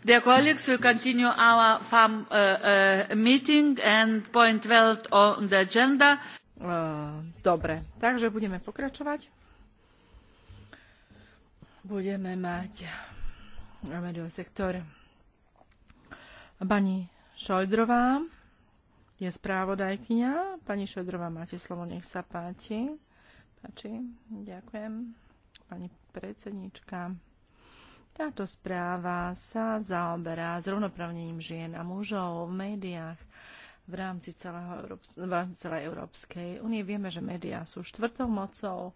Dear colleagues, we continue our farm uh, uh, meeting and point 12 on the agenda. Uh, dobre, takže budeme pokračovať. Budeme mať sektor. Pani Šojdrová je správodajkyňa. Pani Šojdrová, máte slovo, nech sa páči. Páči, ďakujem. Pani predsednička. Táto správa sa zaoberá zrovnoprávnením žien a mužov v médiách v rámci, celého Európs- v rámci celej Európskej únie. Vieme, že médiá sú štvrtou mocou,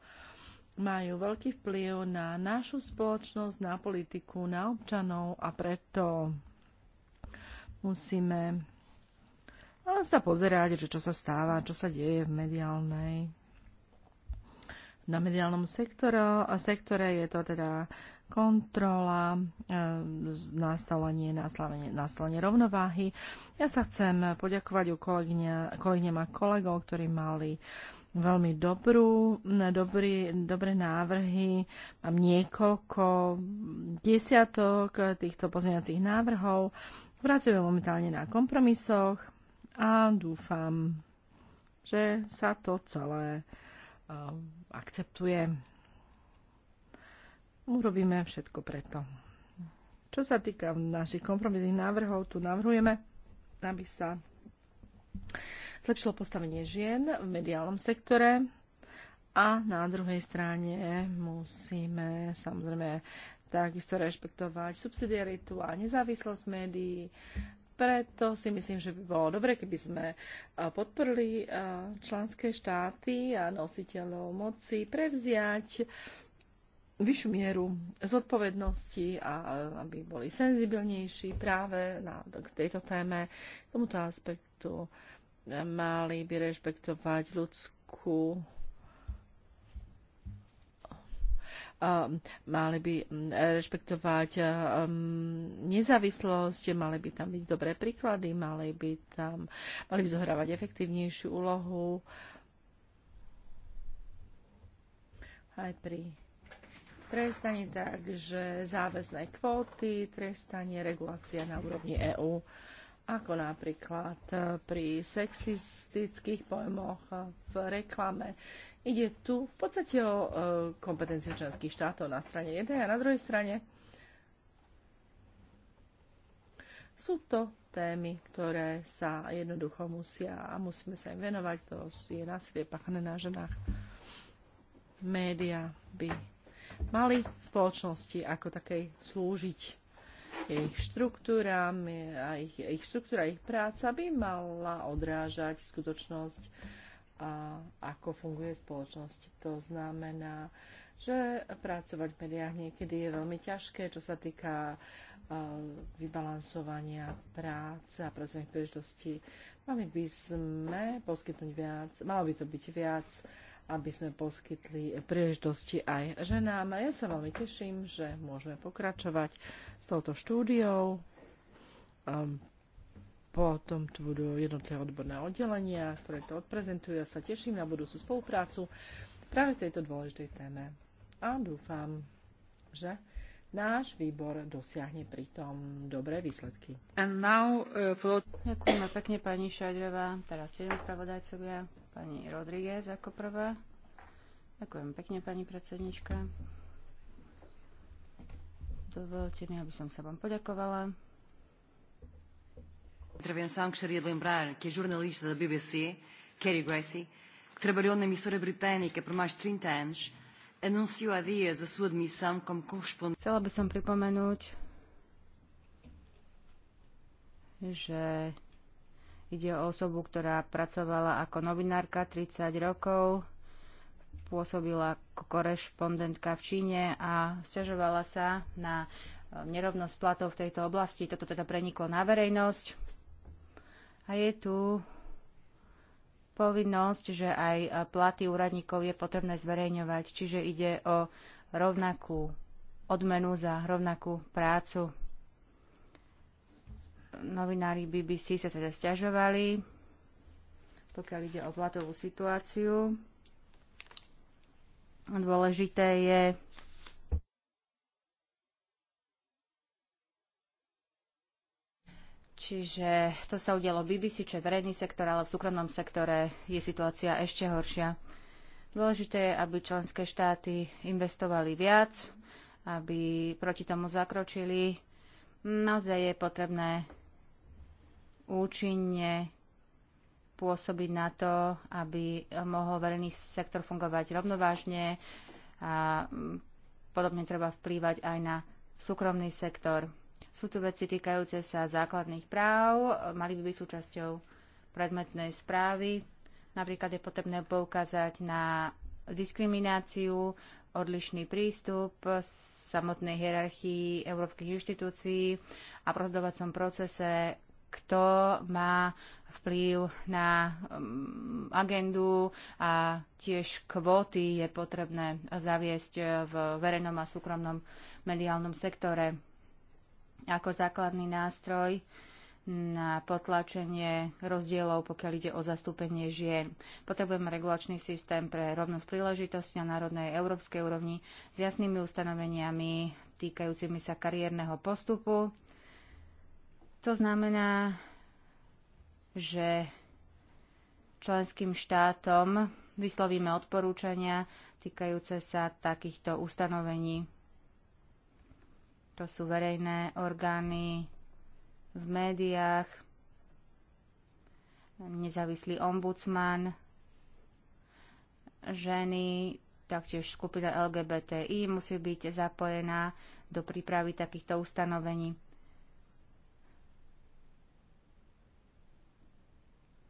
majú veľký vplyv na našu spoločnosť, na politiku, na občanov a preto musíme sa pozerať, že čo sa stáva, čo sa deje v mediálnej na mediálnom sektore, a sektore je to teda kontrola, e, nastavenie, nastavenie, nastavenie rovnováhy. Ja sa chcem poďakovať u kolegyňa, kolegyňam a kolegov, ktorí mali veľmi dobrú, dobrý, dobré návrhy. Mám niekoľko desiatok týchto pozmeňacích návrhov. Pracujem momentálne na kompromisoch a dúfam, že sa to celé e, akceptuje. Urobíme všetko preto. Čo sa týka našich kompromisných návrhov, tu navrhujeme, aby sa zlepšilo postavenie žien v mediálnom sektore a na druhej strane musíme samozrejme takisto rešpektovať subsidiaritu a nezávislosť médií. Preto si myslím, že by bolo dobre, keby sme podporili členské štáty a nositeľov moci prevziať vyššiu mieru zodpovednosti a aby boli senzibilnejší práve na, k tejto téme, k tomuto aspektu. Eh, mali by rešpektovať ľudskú eh, mali by mm, rešpektovať eh, mm, nezávislosť, mali by tam byť dobré príklady, mali by tam mali by zohrávať efektívnejšiu úlohu aj pri trestanie, takže záväzné kvóty, trestanie, regulácia na úrovni EÚ, ako napríklad pri sexistických pojmoch v reklame. Ide tu v podstate o e, kompetencie členských štátov na strane jednej a na druhej strane sú to témy, ktoré sa jednoducho musia a musíme sa im venovať. To je násilie páchané na ženách. Média by mali spoločnosti ako takej slúžiť. Ich štruktúra, a ich, ich štruktúra, ich práca by mala odrážať skutočnosť, a ako funguje spoločnosť. To znamená, že pracovať v médiách niekedy je veľmi ťažké, čo sa týka vybalansovania práce a pracovných príležitostí. Mali by sme poskytnúť viac, malo by to byť viac aby sme poskytli príležitosti aj ženám. A ja sa veľmi teším, že môžeme pokračovať s touto štúdiou. Um, potom tu budú jednotlivé odborné oddelenia, ktoré to odprezentujú. Ja sa teším na budúcu spoluprácu práve v tejto dôležitej téme. A dúfam, že náš výbor dosiahne pritom dobré výsledky. And now, uh, for... Ďakujeme pekne, pani Šajdrová. Teraz tiež spravodajcovia. Pani Rodríguez ako prvá. Ďakujem pekne, pani predsednička. Dovolte mi, aby som sa vám poďakovala. Intervenção, gostaria de lembrar que a jornalista da BBC, Kerry Gracie, que trabalhou na emissora britânica por mais de 30 anos, anunciou há dias a sua demissão como correspondente. Chcela by som pripomenúť, že Ide o osobu, ktorá pracovala ako novinárka 30 rokov, pôsobila ako korešpondentka v Číne a stiažovala sa na e, nerovnosť platov v tejto oblasti. Toto teda preniklo na verejnosť. A je tu povinnosť, že aj e, platy úradníkov je potrebné zverejňovať, čiže ide o rovnakú odmenu za rovnakú prácu novinári BBC sa teda stiažovali, pokiaľ ide o platovú situáciu. Dôležité je Čiže to sa udialo BBC, čo je verejný sektor, ale v súkromnom sektore je situácia ešte horšia. Dôležité je, aby členské štáty investovali viac, aby proti tomu zakročili. Naozaj je potrebné účinne pôsobiť na to, aby mohol verejný sektor fungovať rovnovážne a mm, podobne treba vplývať aj na súkromný sektor. Sú tu veci týkajúce sa základných práv, mali by byť súčasťou predmetnej správy. Napríklad je potrebné poukázať na diskrimináciu, odlišný prístup samotnej hierarchii európskych inštitúcií a v rozhodovacom procese kto má vplyv na mm, agendu a tiež kvóty je potrebné zaviesť e, v verejnom a súkromnom mediálnom sektore ako základný nástroj na potlačenie rozdielov, pokiaľ ide o zastúpenie žien. Potrebujeme regulačný systém pre rovnosť príležitosti na národnej európskej úrovni s jasnými ustanoveniami týkajúcimi sa kariérneho postupu, to znamená, že členským štátom vyslovíme odporúčania týkajúce sa takýchto ustanovení. To sú verejné orgány v médiách, nezávislý ombudsman, ženy, taktiež skupina LGBTI musí byť zapojená do prípravy takýchto ustanovení.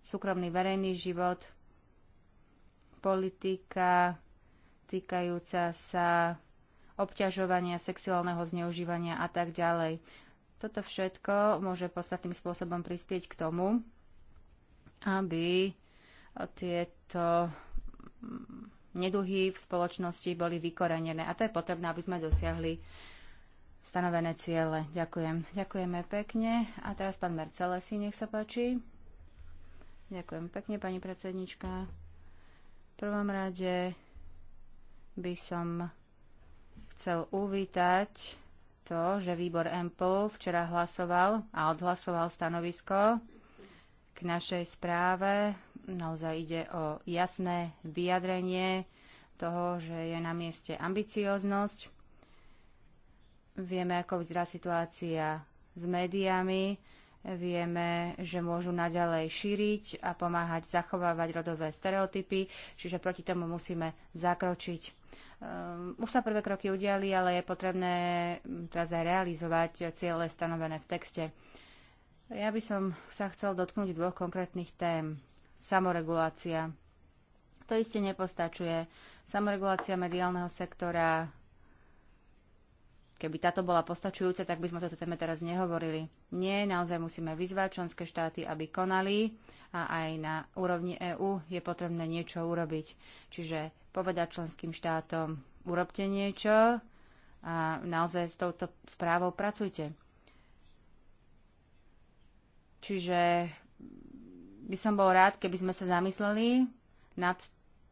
súkromný verejný život, politika týkajúca sa obťažovania, sexuálneho zneužívania a tak ďalej. Toto všetko môže podstatným spôsobom prispieť k tomu, aby tieto neduhy v spoločnosti boli vykorenené. A to je potrebné, aby sme dosiahli stanovené ciele. Ďakujem. Ďakujeme pekne. A teraz pán Mercelesi, nech sa páči. Ďakujem pekne, pani predsednička. V prvom rade by som chcel uvítať to, že výbor EMPL včera hlasoval a odhlasoval stanovisko k našej správe. Naozaj ide o jasné vyjadrenie toho, že je na mieste ambicioznosť. Vieme, ako vyzerá situácia s médiami. Vieme, že môžu naďalej šíriť a pomáhať zachovávať rodové stereotypy, čiže proti tomu musíme zakročiť. Um, už sa prvé kroky udiali, ale je potrebné mm, teraz aj realizovať ciele stanovené v texte. Ja by som sa chcel dotknúť dvoch konkrétnych tém. Samoregulácia. To iste nepostačuje. Samoregulácia mediálneho sektora Keby táto bola postačujúca, tak by sme toto téme teraz nehovorili. Nie, naozaj musíme vyzvať členské štáty, aby konali a aj na úrovni EÚ je potrebné niečo urobiť. Čiže povedať členským štátom, urobte niečo a naozaj s touto správou pracujte. Čiže by som bol rád, keby sme sa zamysleli nad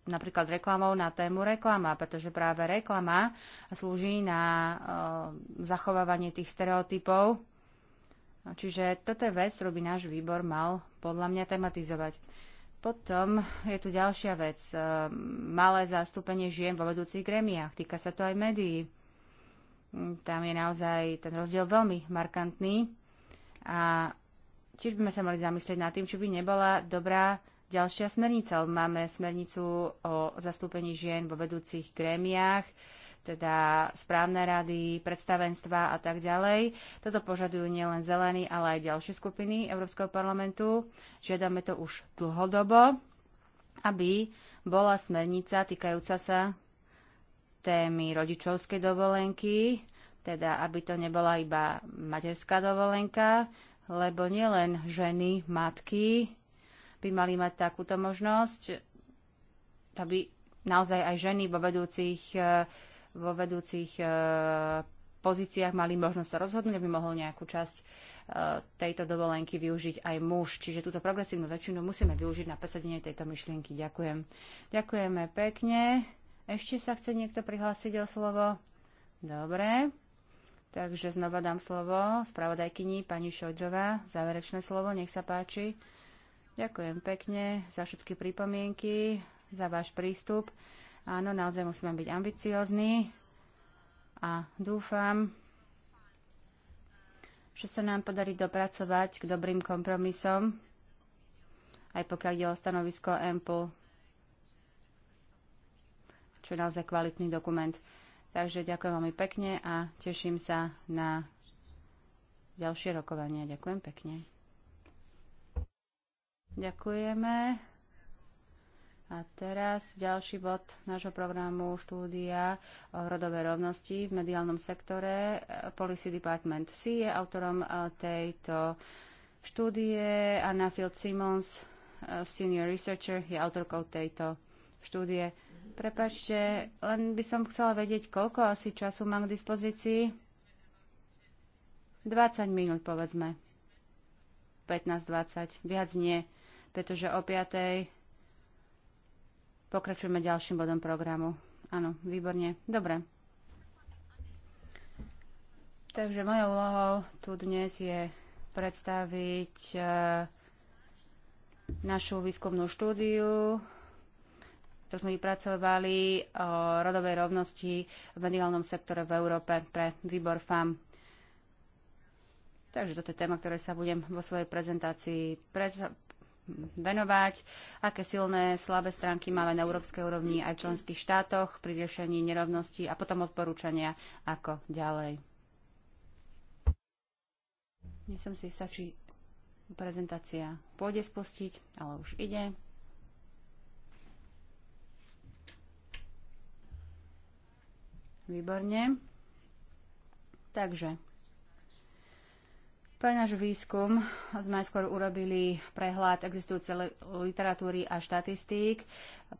napríklad reklamou na tému reklama, pretože práve reklama slúži na e, zachovávanie tých stereotypov. Čiže toto je vec, ktorú by náš výbor mal podľa mňa tematizovať. Potom je tu ďalšia vec. E, malé zastúpenie žien vo vedúcich gremiách. Týka sa to aj médií. Tam je naozaj ten rozdiel veľmi markantný. A tiež by sme sa mali zamyslieť nad tým, či by nebola dobrá Ďalšia smernica. Máme smernicu o zastúpení žien vo vedúcich grémiách, teda správne rady, predstavenstva a tak ďalej. Toto požadujú nielen zelení, ale aj ďalšie skupiny Európskeho parlamentu. Žiadame to už dlhodobo, aby bola smernica týkajúca sa témy rodičovskej dovolenky, teda aby to nebola iba materská dovolenka, lebo nielen ženy, matky by mali mať takúto možnosť, aby naozaj aj ženy vo vedúcich, e, vo vedúcich e, pozíciách mali možnosť sa rozhodnúť, aby mohol nejakú časť e, tejto dovolenky využiť aj muž. Čiže túto progresívnu väčšinu musíme využiť na presadenie tejto myšlienky. Ďakujem. Ďakujeme pekne. Ešte sa chce niekto prihlásiť o slovo? Dobre. Takže znova dám slovo spravodajkyni pani Šojdrová. Záverečné slovo, nech sa páči. Ďakujem pekne za všetky pripomienky, za váš prístup. Áno, naozaj musíme byť ambiciozní a dúfam, že sa nám podarí dopracovať k dobrým kompromisom, aj pokiaľ ide o stanovisko EMPL, čo je naozaj kvalitný dokument. Takže ďakujem veľmi pekne a teším sa na ďalšie rokovania. Ďakujem pekne. Ďakujeme. A teraz ďalší bod nášho programu štúdia o rodovej rovnosti v mediálnom sektore. Policy Department C je autorom eh, tejto štúdie. Anna Field Simons, eh, senior researcher, je autorkou tejto štúdie. Prepačte, len by som chcela vedieť, koľko asi času mám k dispozícii. 20 minút, povedzme. 15-20, viac nie pretože o 5. pokračujeme ďalším bodom programu. Áno, výborne. Dobre. Takže mojou úlohou tu dnes je predstaviť e, našu výskumnú štúdiu, ktorú sme vypracovali o rodovej rovnosti v mediálnom sektore v Európe pre výbor FAM. Takže toto je téma, ktoré sa budem vo svojej prezentácii venovať, aké silné, slabé stránky máme na európskej úrovni aj v členských štátoch pri riešení nerovnosti a potom odporúčania, ako ďalej. Nie som si istá, či prezentácia pôjde spustiť, ale už ide. Výborne. Takže pre náš výskum sme skôr urobili prehľad existujúcej literatúry a štatistík,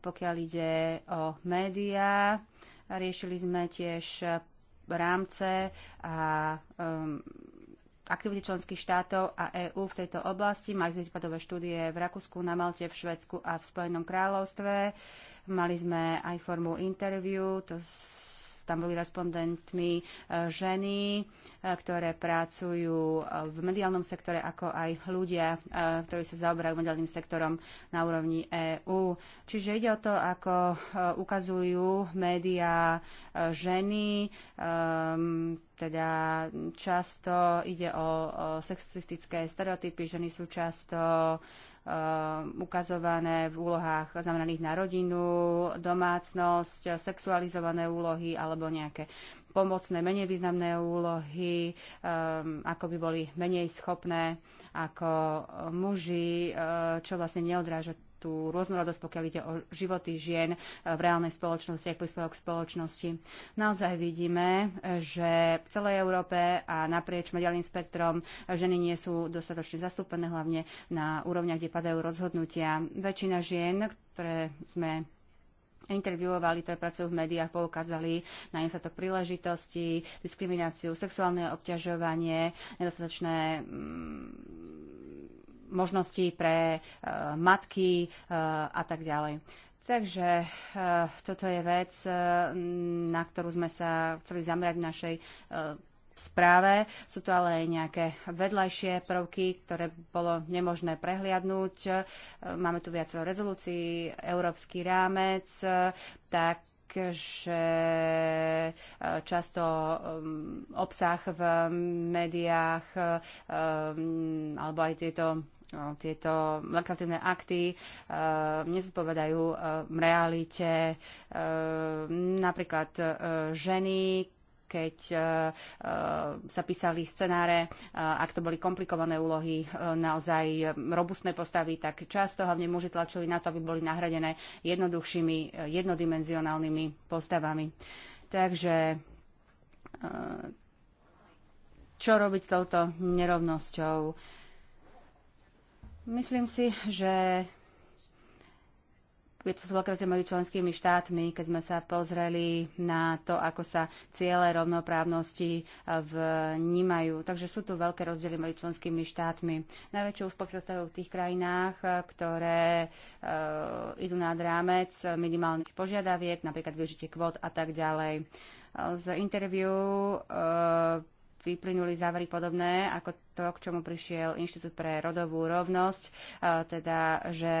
pokiaľ ide o médiá. Riešili sme tiež rámce a um, aktivity členských štátov a EÚ v tejto oblasti. Mali sme prípadové štúdie v Rakúsku, na Malte, v Švedsku a v Spojenom kráľovstve. Mali sme aj formu interviu, to tam boli respondentmi e, ženy, e, ktoré pracujú e, v mediálnom sektore, ako aj ľudia, ktorí sa zaoberajú mediálnym sektorom na úrovni EÚ. Čiže ide o to, ako ukazujú médiá ženy, teda často ide o, o sexistické stereotypy, ženy sú často uh, Eh, ukazované v úlohách zameraných na rodinu, domácnosť, sexualizované úlohy alebo nejaké pomocné, menej významné úlohy, um, ako by boli menej schopné ako muži, uh, čo vlastne neodráža tú rôznorodosť, pokiaľ ide o životy žien v reálnej spoločnosti, ako príspevok spoločnosti. Naozaj vidíme, že v celej Európe a naprieč mediálnym spektrom ženy nie sú dostatočne zastúpené, hlavne na úrovniach, kde padajú rozhodnutia. Väčšina žien, ktoré sme interviuovali, ktoré pracujú v médiách, poukázali na nedostatok príležitosti, diskrimináciu, sexuálne obťažovanie, nedostatočné mm, možností pre eh, matky eh, a tak ďalej. Takže eh, toto je vec, na ktorú sme sa chceli zamerať v našej správe. Sú to ale aj nejaké vedľajšie prvky, ktoré bolo nemožné prehliadnúť. Máme tu viac rezolúcií, európsky rámec, tak že často obsah v médiách alebo aj tieto No, tieto lekratívne akty e, nezodpovedajú e, realite. E, napríklad ženy, keď sa písali scenáre, ak to boli komplikované úlohy, naozaj robustné postavy, tak často hlavne muži tlačili na to, aby boli nahradené jednoduchšími, jednodimenzionálnymi postavami. Takže čo robiť s touto nerovnosťou? Myslím si, že je to spolupráce medzi členskými štátmi, keď sme sa pozreli na to, ako sa ciele rovnoprávnosti eh, vnímajú. Takže sú tu veľké rozdiely medzi členskými štátmi. Najväčšiu úspok sa stavujú v tých krajinách, eh, ktoré e, idú nad rámec minimálnych požiadaviek, napríklad využitie kvót a tak ďalej. Z interviu e, vyplynuli závery podobné ako to, k čomu prišiel Inštitút pre rodovú rovnosť, e, teda, že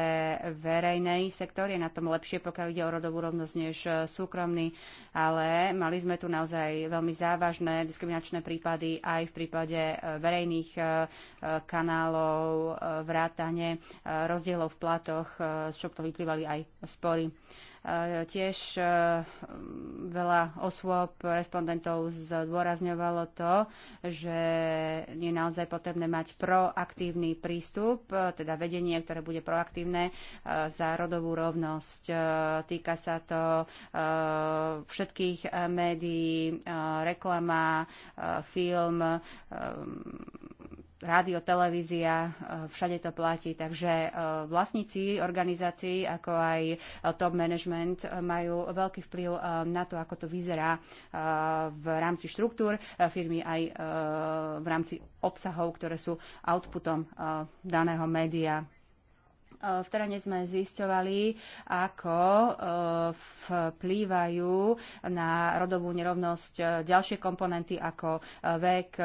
verejný sektor je na tom lepšie, pokiaľ ide o rodovú rovnosť, než e, súkromný, ale mali sme tu naozaj veľmi závažné diskriminačné prípady aj v prípade e, verejných kanálov, vrátane rozdielov v platoch, z čo to vyplývali aj spory. E, tiež e, veľa osôb, respondentov zdôrazňovalo to, že je naozaj potrebné mať proaktívny prístup, e, teda vedenie, ktoré bude proaktívne za rodovú rovnosť. Týka sa to všetkých médií, reklama, film, rádio, televízia, e, všade to platí. Takže e, vlastníci organizácií, ako aj e, top management, majú veľký vplyv na to, ako to vyzerá v rámci štruktúr firmy aj v rámci obsahov, ktoré sú outputom daného média v teréne sme zisťovali, ako eh, vplývajú na rodovú nerovnosť eh, ďalšie komponenty ako eh, vek,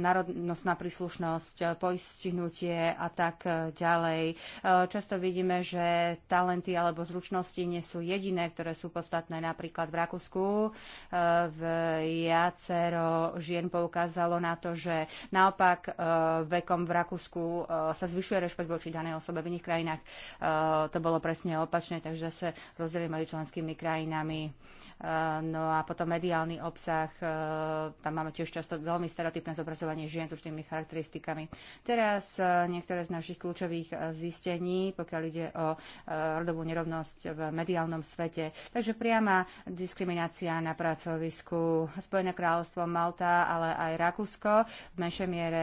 národnostná príslušnosť, poistihnutie a tak ďalej. Často vidíme, že talenty alebo zručnosti nie sú jediné, ktoré sú podstatné. Napríklad v Rakúsku viacero žien poukázalo na to, že naopak vekom v Rakúsku sa zvyšuje rešpekt voči danej osobe v iných krajinách krajinách eh, to bolo presne opačné, takže zase rozdiely medzi členskými krajinami. Eh, no a potom mediálny obsah, eh, tam máme tiež často veľmi stereotypné zobrazovanie žien s určitými charakteristikami. Teraz niektoré z našich kľúčových zistení, pokiaľ ide o rodovú nerovnosť v mediálnom svete. Takže priama diskriminácia na pracovisku Spojené kráľovstvo, Malta, ale aj Rakúsko. V menšej miere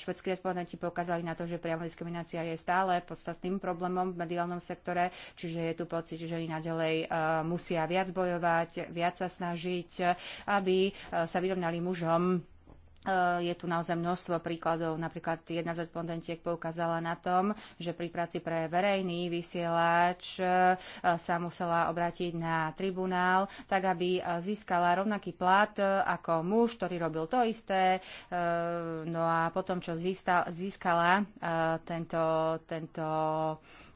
švedskí respondenti poukázali na to, že priama diskriminácia je stále podstatná tým problémom v mediálnom sektore, čiže je tu pocit, že oni naďalej e, musia viac bojovať, viac sa snažiť, aby e, sa vyrovnali mužom je tu naozaj množstvo príkladov. Napríklad jedna z respondentiek poukázala na tom, že pri práci pre verejný vysielač e, sa musela obrátiť na tribunál, tak aby e, získala rovnaký plat e, ako muž, ktorý robil to isté. No a potom, čo získala tento, tento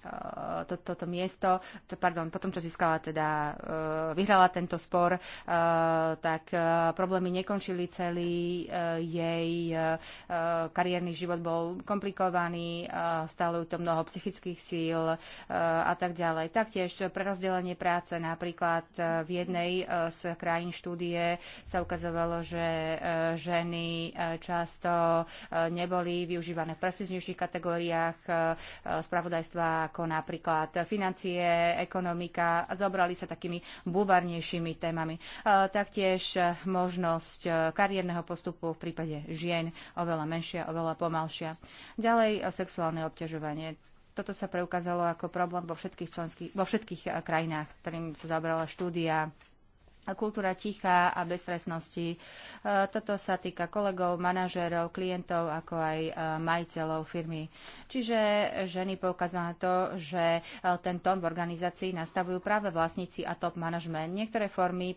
Eh, to, toto miesto, to, pardon, potom čo získala teda, eh, vyhrala tento spor, eh, tak problémy nekončili celý, jej kariérny život bol komplikovaný, stále to mnoho psychických síl a tak ďalej. Taktiež prerozdelenie práce napríklad v jednej z krajín štúdie sa ukazovalo, že ženy často neboli využívané v prestížnejších kategóriách spravodajstva ako napríklad financie, ekonomika, zobrali sa takými bulvarnejšími témami. E, taktiež možnosť e, kariérneho postupu v prípade žien oveľa menšia, oveľa pomalšia. Ďalej e, sexuálne obťažovanie toto sa preukázalo ako problém vo všetkých, členských, vo všetkých krajinách, ktorým sa zabrala štúdia kultúra ticha a bezstresnosti. E, toto sa týka kolegov, manažérov, klientov, ako aj e, majiteľov firmy. Čiže ženy poukazujú na to, že e, ten tón v organizácii nastavujú práve vlastníci a top management. Niektoré formy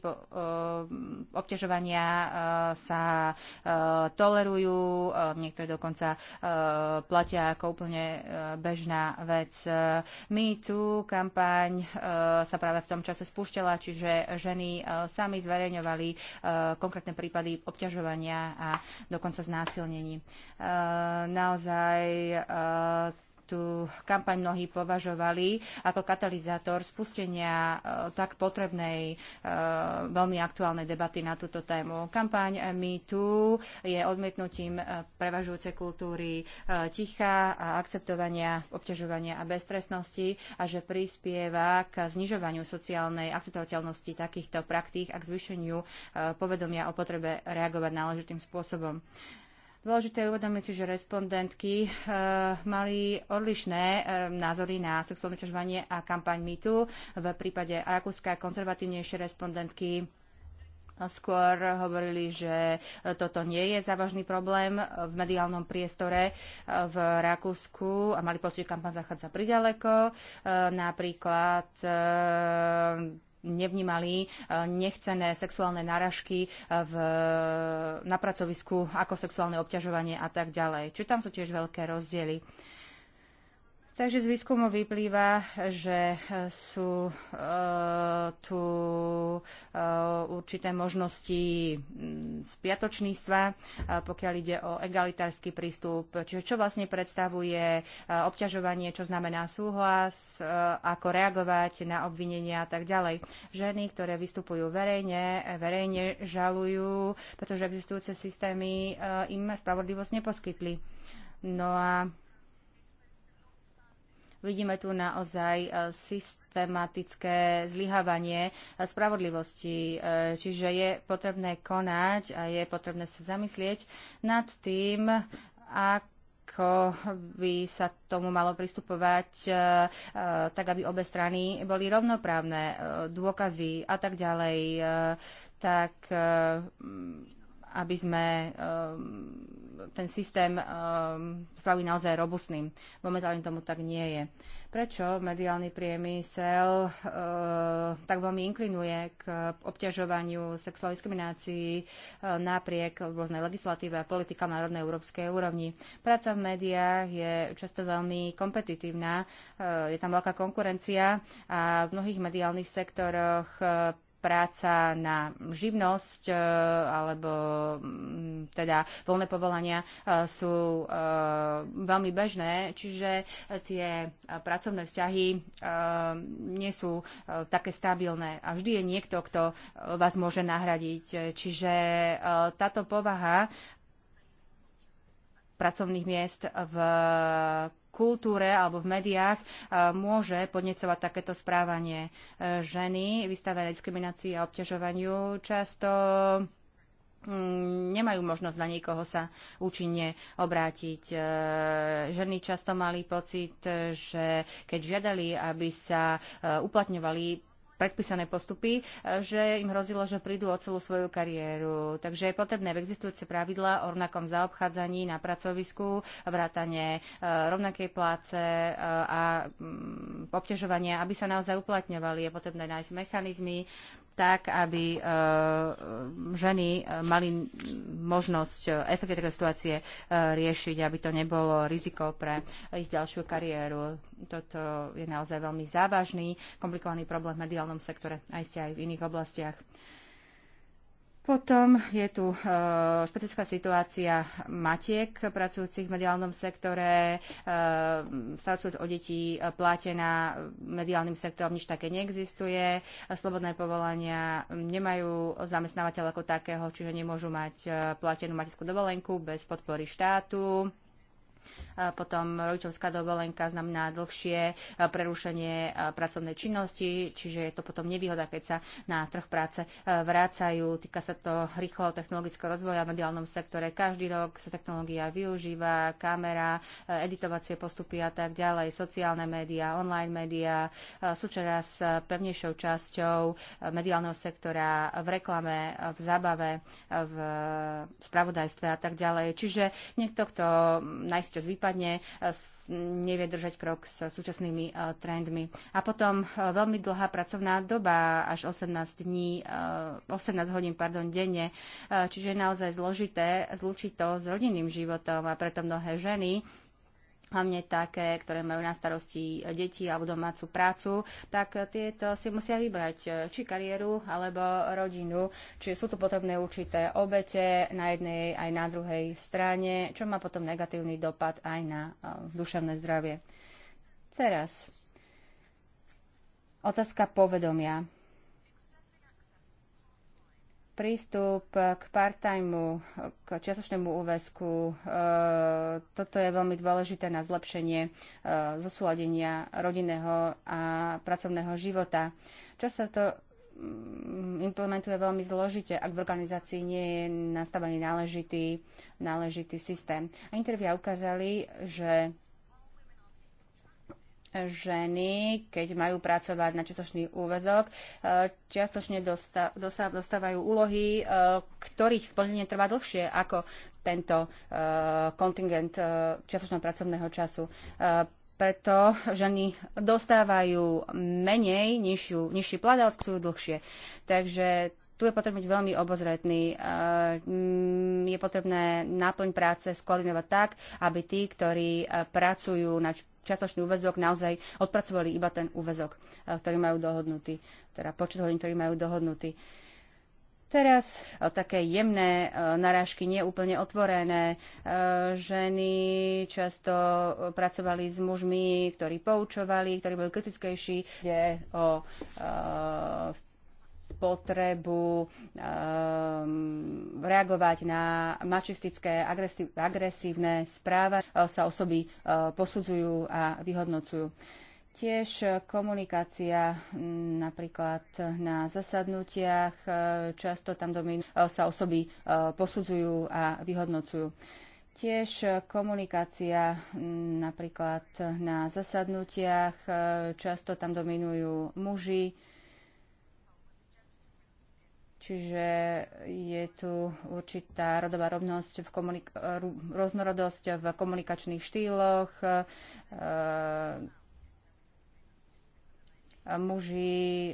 obťažovania sa tolerujú, niektoré dokonca platia ako úplne bežná vec. Me Too kampaň sa práve v tom čase spúšťala, čiže ženy sami zverejňovali e, konkrétne prípady obťažovania a dokonca znásilnení. E, naozaj e, tú kampaň mnohí považovali ako katalizátor spustenia e, tak potrebnej, e, veľmi aktuálnej debaty na túto tému. Kampaň MeToo je odmietnutím e, prevažujúcej kultúry ticha a akceptovania, obťažovania a beztrestnosti a že prispieva k znižovaniu sociálnej akceptovateľnosti takýchto praktík a k zvýšeniu povedomia o potrebe reagovať náležitým spôsobom. Dôležité je uvedomiť si, že respondentky uh, mali odlišné e, názory na sexuálne ťažovanie a kampaň mýtu. V prípade Rakúska konzervatívnejšie respondentky skôr hovorili, že eh, toto nie je závažný problém v mediálnom priestore v Rakúsku a mali pocit, že kampaň zachádza priďaleko. Napríklad nevnímali e, nechcené sexuálne náražky e, v, na pracovisku ako sexuálne obťažovanie a tak ďalej. Čiže tam sú tiež veľké rozdiely. Takže z výskumu vyplýva, že eh, sú e, tu e, určité možnosti mm, spiatočníctva, e, pokiaľ ide o egalitársky prístup. Čiže čo vlastne predstavuje obťažovanie, čo znamená súhlas, ako reagovať na obvinenia a tak ďalej. Ženy, ktoré vystupujú verejne, verejne žalujú, pretože existujúce systémy im spravodlivosť neposkytli. No a Vidíme tu naozaj e, systematické zlyhávanie e, spravodlivosti, e, čiže je potrebné konať a je potrebné sa zamyslieť nad tým, ak ako by sa tomu malo pristupovať tak, aby obe strany boli rovnoprávne, dôkazy a tak ďalej, tak aby sme ehm, ten systém ehm, spravili naozaj robustným. Momentálne tomu tak nie je. Prečo mediálny priemysel ehm, tak veľmi inklinuje k obťažovaniu sexuálnej diskriminácií napriek rôznej legislatíve a politikám národnej európskej úrovni? Práca v médiách je často veľmi kompetitívna, je tam veľká konkurencia a v mnohých mediálnych sektoroch práca na živnosť e, alebo mm, teda voľné povolania e, sú e, veľmi bežné, čiže tie pracovné vzťahy nie sú také stabilné a vždy je niekto, kto vás môže nahradiť. Čiže táto povaha pracovných miest v kultúre alebo v médiách e, môže podnecovať takéto správanie. E, ženy vystavené diskriminácii a obťažovaniu často mm, nemajú možnosť na niekoho sa účinne obrátiť. E, ženy často mali pocit, že keď žiadali, aby sa uplatňovali predpísané postupy, e, že im hrozilo, že prídu o celú svoju kariéru. Takže je potrebné v existujúce pravidla o rovnakom zaobchádzaní na pracovisku, vrátanie e, rovnakej pláce e, a mm, obťažovania, aby sa naozaj uplatňovali. Je potrebné nájsť mechanizmy, tak, aby e, ženy e, mali možnosť e, efekty situácie riešiť, aby to nebolo riziko pre ich ďalšiu kariéru. Toto je naozaj veľmi závažný, komplikovaný problém v mediálnom sektore, aj ste aj v iných oblastiach. Potom je tu e, špecifická situácia matiek pracujúcich v mediálnom sektore, e, starostlivosť o detí e, platená mediálnym sektorom, nič také neexistuje, slobodné povolania nemajú zamestnávateľ ako takého, čiže nemôžu mať platenú materskú dovolenku bez podpory štátu potom rodičovská dovolenka znamená dlhšie prerušenie pracovnej činnosti, čiže je to potom nevýhoda, keď sa na trh práce vrácajú. Týka sa to rýchlo technologického rozvoja v mediálnom sektore. Každý rok sa technológia využíva, kamera, editovacie postupy a tak ďalej, sociálne médiá, online médiá sú čoraz pevnejšou časťou mediálneho sektora v reklame, v zábave, v spravodajstve a tak ďalej. Čiže niekto, kto najs čas vypadne, e, nevie držať krok s súčasnými e, trendmi. A potom e, veľmi dlhá pracovná doba, až 18 dní, 18 hodín, pardon, denne, čiže je naozaj zložité zlučiť to s rodinným životom a preto mnohé ženy hlavne také, ktoré majú na starosti deti alebo domácu prácu, tak tieto si musia vybrať či kariéru alebo rodinu. Čiže sú tu potrebné určité obete na jednej aj na druhej strane, čo má potom negatívny dopad aj na eh, duševné zdravie. Teraz otázka povedomia prístup k part k čiastočnému úväzku, e, toto je veľmi dôležité na zlepšenie e, zosúladenia rodinného a pracovného života. Čo sa to mm, implementuje veľmi zložite, ak v organizácii nie je nastavený náležitý, náležitý systém. A intervia ukázali, že ženy, keď majú pracovať na čiastočný úvezok, e, čiastočne dostávajú úlohy, e, ktorých splnenie trvá dlhšie ako tento e, kontingent čiastočného pracovného času. Preto ženy dostávajú menej, nižšiu, nižší plat a odkúsujú dlhšie. Takže tu je potrebné byť veľmi obozretný. Je potrebné náplň práce skoordinovať tak, aby tí, ktorí pracujú na čiastočný úvezok naozaj odpracovali iba ten úvezok, eh, ktorý majú dohodnutý, teda počet hodín, ktorý majú dohodnutý. Teraz eh, také jemné eh, narážky, nie úplne otvorené. Ženy často pracovali s mužmi, ktorí poučovali, ktorí boli kritickejší. Ide o potrebu um, reagovať na mačistické, agresívne správa, e, sa osoby uh, posudzujú a vyhodnocujú. Tiež komunikácia mm, napríklad na zasadnutiach, e, často tam domin- sa osoby posudzujú a vyhodnocujú. Tiež komunikácia mm, napríklad na zasadnutiach, často tam dominujú muži, Čiže je tu určitá rodová rovnosť v komunik- rôznorodosť v komunikačných štýloch. E, muži e,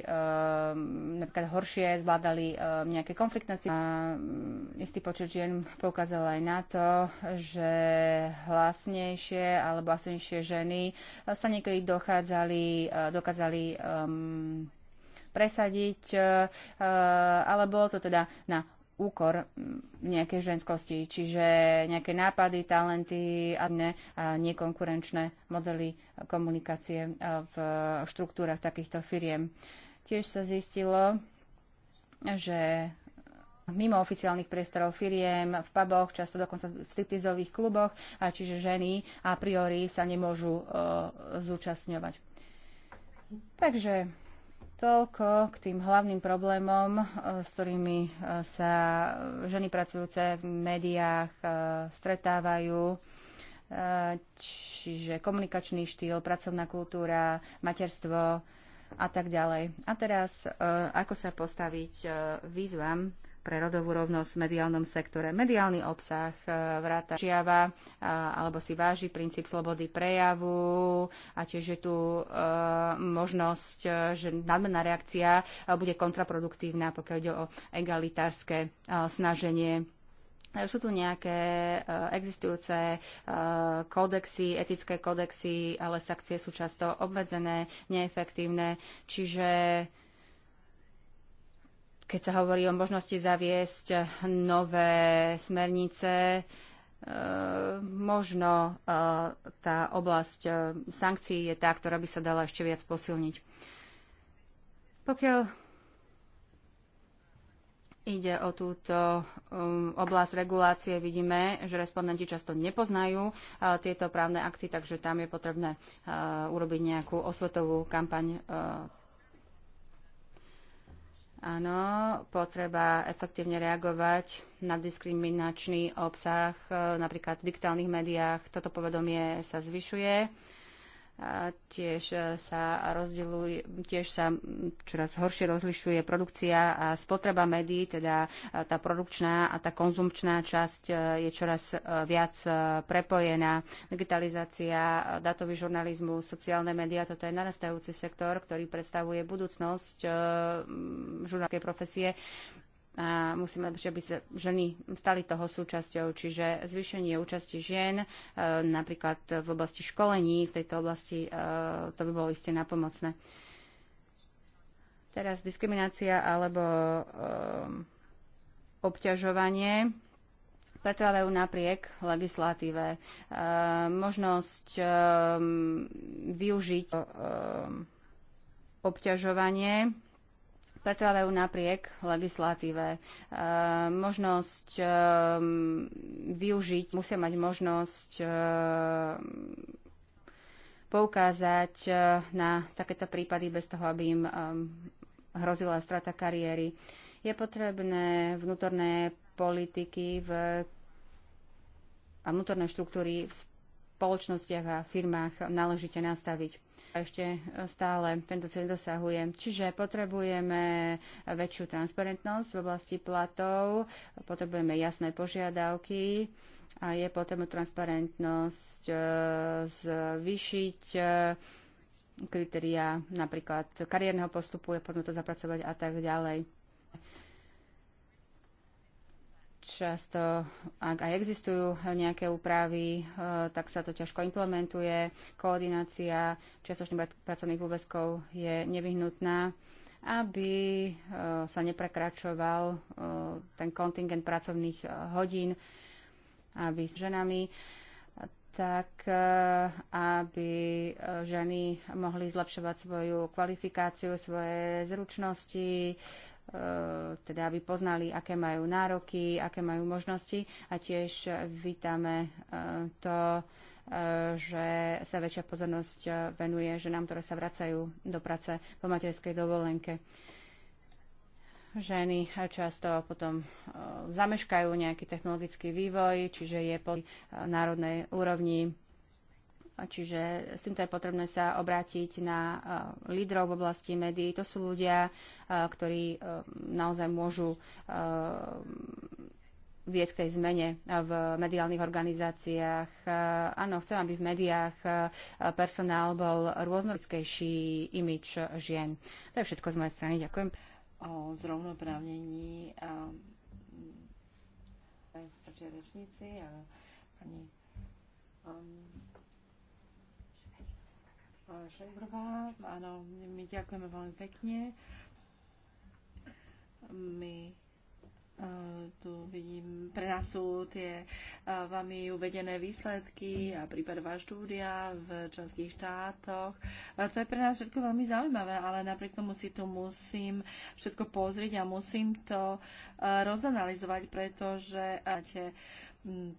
napríklad horšie zvládali e, nejaké konfliktné situácie. Mm, istý počet žien poukázal aj na to, že hlasnejšie alebo hlasnejšie ženy sa niekedy dochádzali, e, dokázali e, presadiť, e, e, ale bolo to teda na úkor nejakej ženskosti, čiže nejaké nápady, talenty a ne, a nekonkurenčné modely komunikácie e, v štruktúrach takýchto firiem. Tiež sa zistilo, že mimo oficiálnych priestorov firiem, v puboch, často dokonca v striptizových kluboch, a čiže ženy a priori sa nemôžu zúčastňovať. Takže Toľko k tým hlavným problémom, e, s ktorými e, sa ženy pracujúce v médiách e, stretávajú. Čiže komunikačný štýl, pracovná kultúra, materstvo a tak ďalej. A teraz, ako sa postaviť výzvam, pre rodovú rovnosť v mediálnom sektore. Mediálny obsah e, vráta žiava e, alebo si váži princíp slobody prejavu a tiež je tu e, možnosť, že nadmená reakcia bude kontraproduktívna, pokiaľ ide o egalitárske snaženie sú tu nejaké existujúce kódexy, etické kódexy, ale sakcie sú často obmedzené, neefektívne, čiže keď sa hovorí o možnosti zaviesť nové smernice, e, možno e, tá oblasť e, sankcií je tá, ktorá by sa dala ešte viac posilniť. Pokiaľ ide o túto um, oblasť regulácie, vidíme, že respondenti často nepoznajú uh, tieto právne akty, takže tam je potrebné uh, urobiť nejakú osvetovú kampaň uh, Áno, potreba efektívne reagovať na diskriminačný obsah, eh, napríklad v digitálnych médiách. Toto povedomie sa zvyšuje a tiež e, sa rozdeľuje, tiež sa čoraz horšie rozlišuje produkcia a spotreba médií, teda e, tá produkčná a tá konzumčná časť e, je čoraz viac prepojená. Digitalizácia, datový žurnalizmus, sociálne médiá, toto je narastajúci sektor, ktorý predstavuje budúcnosť žurnalistickej profesie a musíme, že aby sa ženy stali toho súčasťou, čiže zvýšenie účasti žien e, napríklad v oblasti školení, v tejto oblasti e, to by bolo isté napomocné. Teraz diskriminácia alebo e, obťažovanie pretrvávajú napriek legislatíve. možnosť využiť obťažovanie pretrávajú napriek legislatíve. E, možnosť e, využiť, musia mať možnosť e, poukázať na takéto prípady bez toho, aby im hrozila strata kariéry. Je potrebné vnútorné politiky v, a vnútorné štruktúry v spoločnostiach a firmách náležite nastaviť. A ešte stále tento cieľ dosahuje. Čiže potrebujeme väčšiu transparentnosť v oblasti platov, potrebujeme jasné požiadavky a je potom transparentnosť e, zvýšiť e, kritéria napríklad kariérneho postupu, je potrebné to zapracovať a tak ďalej. Často, ak aj existujú nejaké úpravy, e, tak sa to ťažko implementuje. Koordinácia čiastočných pracovných úväzkov je nevyhnutná aby e, sa neprekračoval e, ten kontingent pracovných hodín aby s ženami, tak aby ženy mohli zlepšovať svoju kvalifikáciu, svoje zručnosti, E, teda aby poznali, aké majú nároky, aké majú možnosti a tiež vítame e, to, e, že sa väčšia pozornosť venuje ženám, ktoré sa vracajú do práce po materskej dovolenke. Ženy často potom zameškajú nejaký technologický vývoj, čiže je po národnej úrovni Čiže s týmto je potrebné sa obrátiť na eh, lídrov v oblasti médií. To sú ľudia, eh, ktorí eh, naozaj môžu viesť k tej zmene v mediálnych organizáciách. Áno, chcem, aby v médiách personál bol rôznorickejší imič žien. To je všetko z mojej strany. Ďakujem. O zrovnoprávnení a rečníci, ale pani um, Šajbrová. Áno, my ďakujeme veľmi pekne. My e, tu vidím, pre nás sú tie e, vami uvedené výsledky a prípadová štúdia v členských štátoch. A e, to je pre nás všetko veľmi zaujímavé, ale napriek tomu si tu musím všetko pozrieť a musím to rozanalizovať, pretože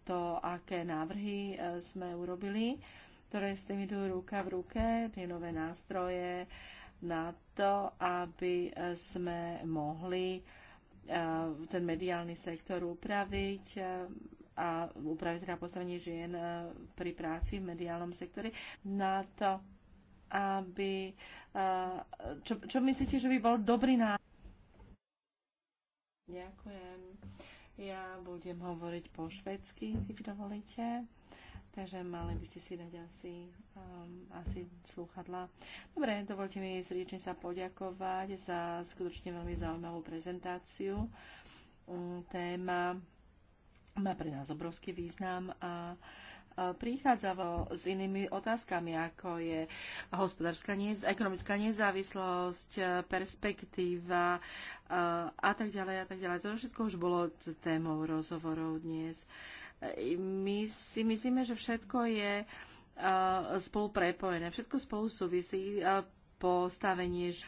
to, aké návrhy sme urobili ktoré s tým idú ruka v ruke, tie nové nástroje na to, aby sme mohli eh, ten mediálny sektor upraviť eh, a upraviť teda postavenie žien eh, pri práci v mediálnom sektore na to, aby... Čo, čo myslíte, že by bol dobrý návrh? Ďakujem. Ja budem hovoriť po švedsky, si dovolíte. Takže mali by ste si dať asi, um, asi slúchadla. Dobre, dovolte mi srdečne sa poďakovať za skutočne veľmi zaujímavú prezentáciu. Um, téma má pre nás obrovský význam a prichádzalo s inými otázkami, ako je hospodárska, nez, ekonomická nezávislosť, perspektíva a tak ďalej a tak ďalej. To všetko už bolo témou rozhovorov dnes. Uh, my si myslíme, že všetko je e, spolu prepojené, všetko spolu súvisí e, postavenie. E,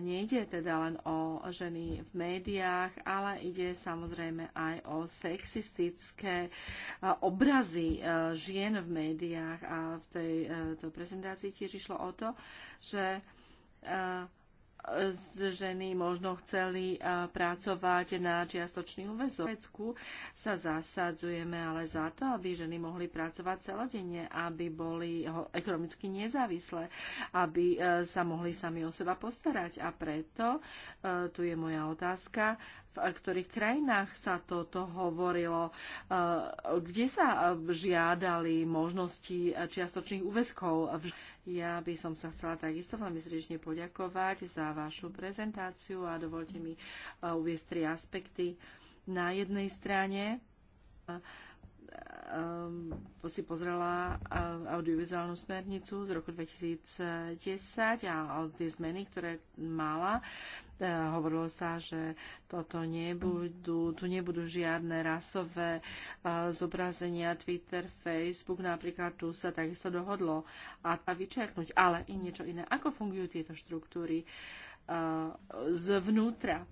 nejde teda len o ženy v médiách, ale ide samozrejme aj o sexistické obrazy žien v médiách. A v tej prezentácii tiež išlo o to, že ženy možno chceli pracovať na čiastočný úvezok. V Švedsku sa zasadzujeme ale za to, aby ženy mohli pracovať celodenne, aby boli ekonomicky nezávislé, aby e, sa mohli sami o seba postarať. A preto, e, tu je moja otázka, v ktorých krajinách sa toto hovorilo, eh, kde sa eh, žiadali možnosti eh, čiastočných úveskov. Ja by som sa chcela takisto veľmi zriečne poďakovať za vašu prezentáciu a dovolte mi uviesť tri aspekty. Na jednej strane um, si pozrela e, audiovizuálnu smernicu z roku 2010 a tie zmeny, ktoré mala. E, hovorilo sa, že toto nebudú, tu nebudú žiadne rasové e, zobrazenia Twitter, Facebook napríklad, tu sa takisto dohodlo a tá vyčerknúť, ale i niečo iné. Ako fungujú tieto štruktúry zvnútra?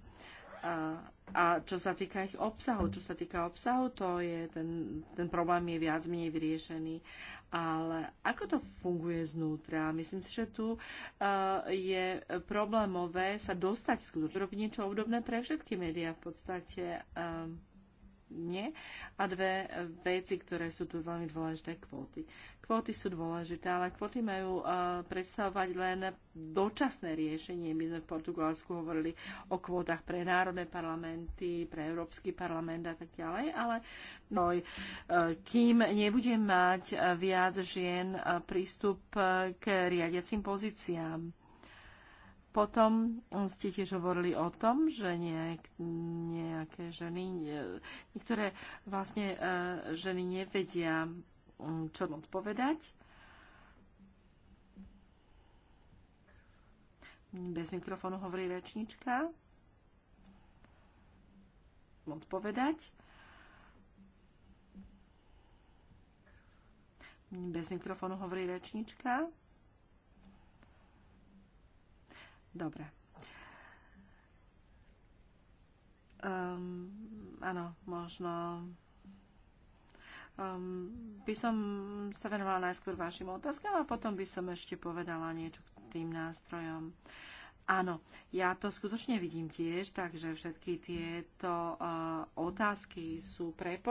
A čo sa týka ich obsahu, čo sa týka obsahu, to je ten, ten problém je viac menej vyriešený. Ale ako to funguje znútra? Myslím si, že tu uh, je problémové sa dostať skutočne. Robiť niečo obdobné pre všetky médiá v podstate. Uh, nie. A dve e, veci, ktoré sú tu veľmi dôležité, kvóty. Kvóty sú dôležité, ale kvóty majú e, predstavovať len dočasné riešenie. My sme v Portugalsku hovorili o kvótach pre národné parlamenty, pre Európsky parlament a tak ďalej, ale no, kým nebude mať viac žien prístup k riadiacim pozíciám, potom ste tiež hovorili o tom, že nejak, nejaké ženy, niektoré vlastne e, ženy nevedia, čo odpovedať. Bez mikrofónu hovorí rečnička. Odpovedať. Bez mikrofónu hovorí rečnička. Dobre. Um, áno, možno um, by som sa venovala najskôr vašim otázkam a potom by som ešte povedala niečo k tým nástrojom. Áno, ja to skutočne vidím tiež, takže všetky tieto uh, otázky sú prepojené.